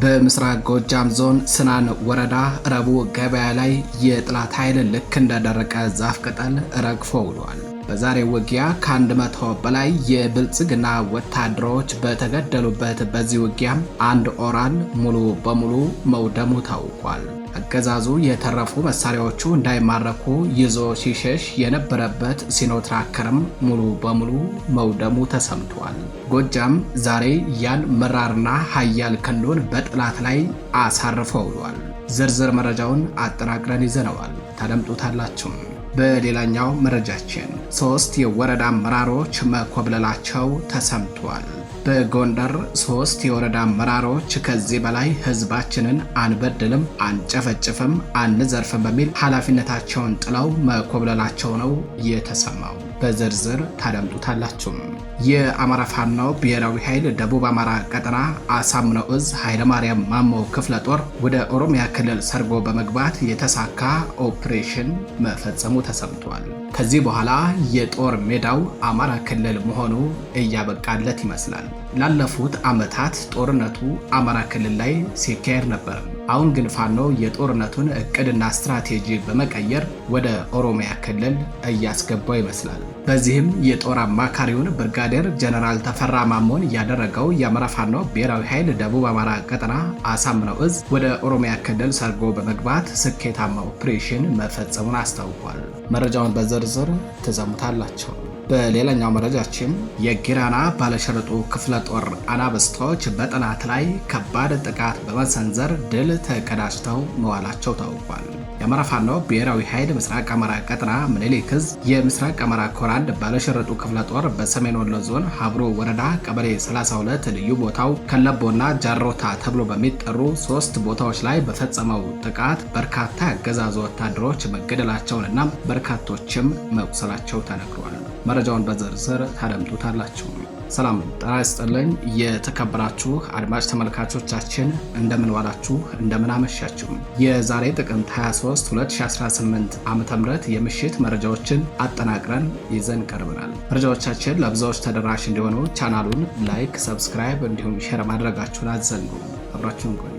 በምስራቅ ጎጃም ዞን ስናን ወረዳ ረቡዕ ገበያ ላይ የጥላት ኃይል ልክ እንደደረቀ ዛፍ ቅጠል ረግፎ ውሏል። በዛሬ ውጊያ ከአንድ መቶ በላይ የብልጽግና ወታደሮች በተገደሉበት በዚህ ውጊያም አንድ ኦራል ሙሉ በሙሉ መውደሙ ታውቋል። አገዛዙ የተረፉ መሳሪያዎቹ እንዳይማረኩ ይዞ ሲሸሽ የነበረበት ሲኖትራከርም ሙሉ በሙሉ መውደሙ ተሰምቷል። ጎጃም ዛሬ ያን መራርና ኃያል ክንዱን በጠላት ላይ አሳርፎ ውሏል። ዝርዝር መረጃውን አጠናቅረን ይዘነዋል፣ ተደምጡታላችሁም። በሌላኛው መረጃችን ሶስት የወረዳ አመራሮች መኮብለላቸው ተሰምቷል። በጎንደር ሶስት የወረዳ አመራሮች ከዚህ በላይ ህዝባችንን አንበድልም፣ አንጨፈጭፍም፣ አንዘርፍም በሚል ኃላፊነታቸውን ጥለው መኮብለላቸው ነው የተሰማው። በዝርዝር ታደምጡታላችሁ። የአማራ ፋኖ ብሔራዊ ኃይል ደቡብ አማራ ቀጠና አሳምነው እዝ ኃይለማርያም ማሞ ክፍለ ጦር ወደ ኦሮሚያ ክልል ሰርጎ በመግባት የተሳካ ኦፕሬሽን መፈጸሙ ተሰምቷል። ከዚህ በኋላ የጦር ሜዳው አማራ ክልል መሆኑ እያበቃለት ይመስላል። ላለፉት ዓመታት ጦርነቱ አማራ ክልል ላይ ሲካሄድ ነበር። አሁን ግን ፋኖ የጦርነቱን እቅድና ስትራቴጂ በመቀየር ወደ ኦሮሚያ ክልል እያስገባው ይመስላል። በዚህም የጦር አማካሪውን ብርጋዴር ጀነራል ተፈራ ማሞን ያደረገው የአማራ ፋኖ ብሔራዊ ኃይል ደቡብ አማራ ቀጠና አሳምነው እዝ ወደ ኦሮሚያ ክልል ሰርጎ በመግባት ስኬታማ ኦፕሬሽን መፈጸሙን አስታውቋል። መረጃውን በዝርዝር ትዘሙታላቸው። በሌላኛው መረጃችን የጊራና ባለሸርጡ ክፍለ ጦር አናበስቶች በጠላት ላይ ከባድ ጥቃት በመሰንዘር ድል ተቀዳጅተው መዋላቸው ታውቋል። የአማራ ፋኖ ብሔራዊ ኃይል ምስራቅ አማራ ቀጠና ምኒልክ ዕዝ የምስራቅ አማራ ኮር አንድ ክፍለ ጦር በሰሜን ወሎ ዞን ሀብሮ ወረዳ ቀበሌ 32 ልዩ ቦታው ከለቦና ጃሮታ ተብሎ በሚጠሩ ሶስት ቦታዎች ላይ በፈጸመው ጥቃት በርካታ ያገዛዙ ወታደሮች መገደላቸውንና በርካቶችም መቁሰላቸው ተነግሯል። መረጃውን በዝርዝር ታደምጡታላችሁ። ሰላም ጤና ይስጥልኝ። የተከበራችሁ አድማጭ ተመልካቾቻችን እንደምን ዋላችሁ፣ እንደምን አመሻችሁ። የዛሬ ጥቅምት 23 2018 ዓ ም የምሽት መረጃዎችን አጠናቅረን ይዘን ቀርበናል። መረጃዎቻችን ለብዙዎች ተደራሽ እንዲሆኑ ቻናሉን ላይክ፣ ሰብስክራይብ እንዲሁም ሼር ማድረጋችሁን አዘንጉ። አብራችሁን ቆዩ።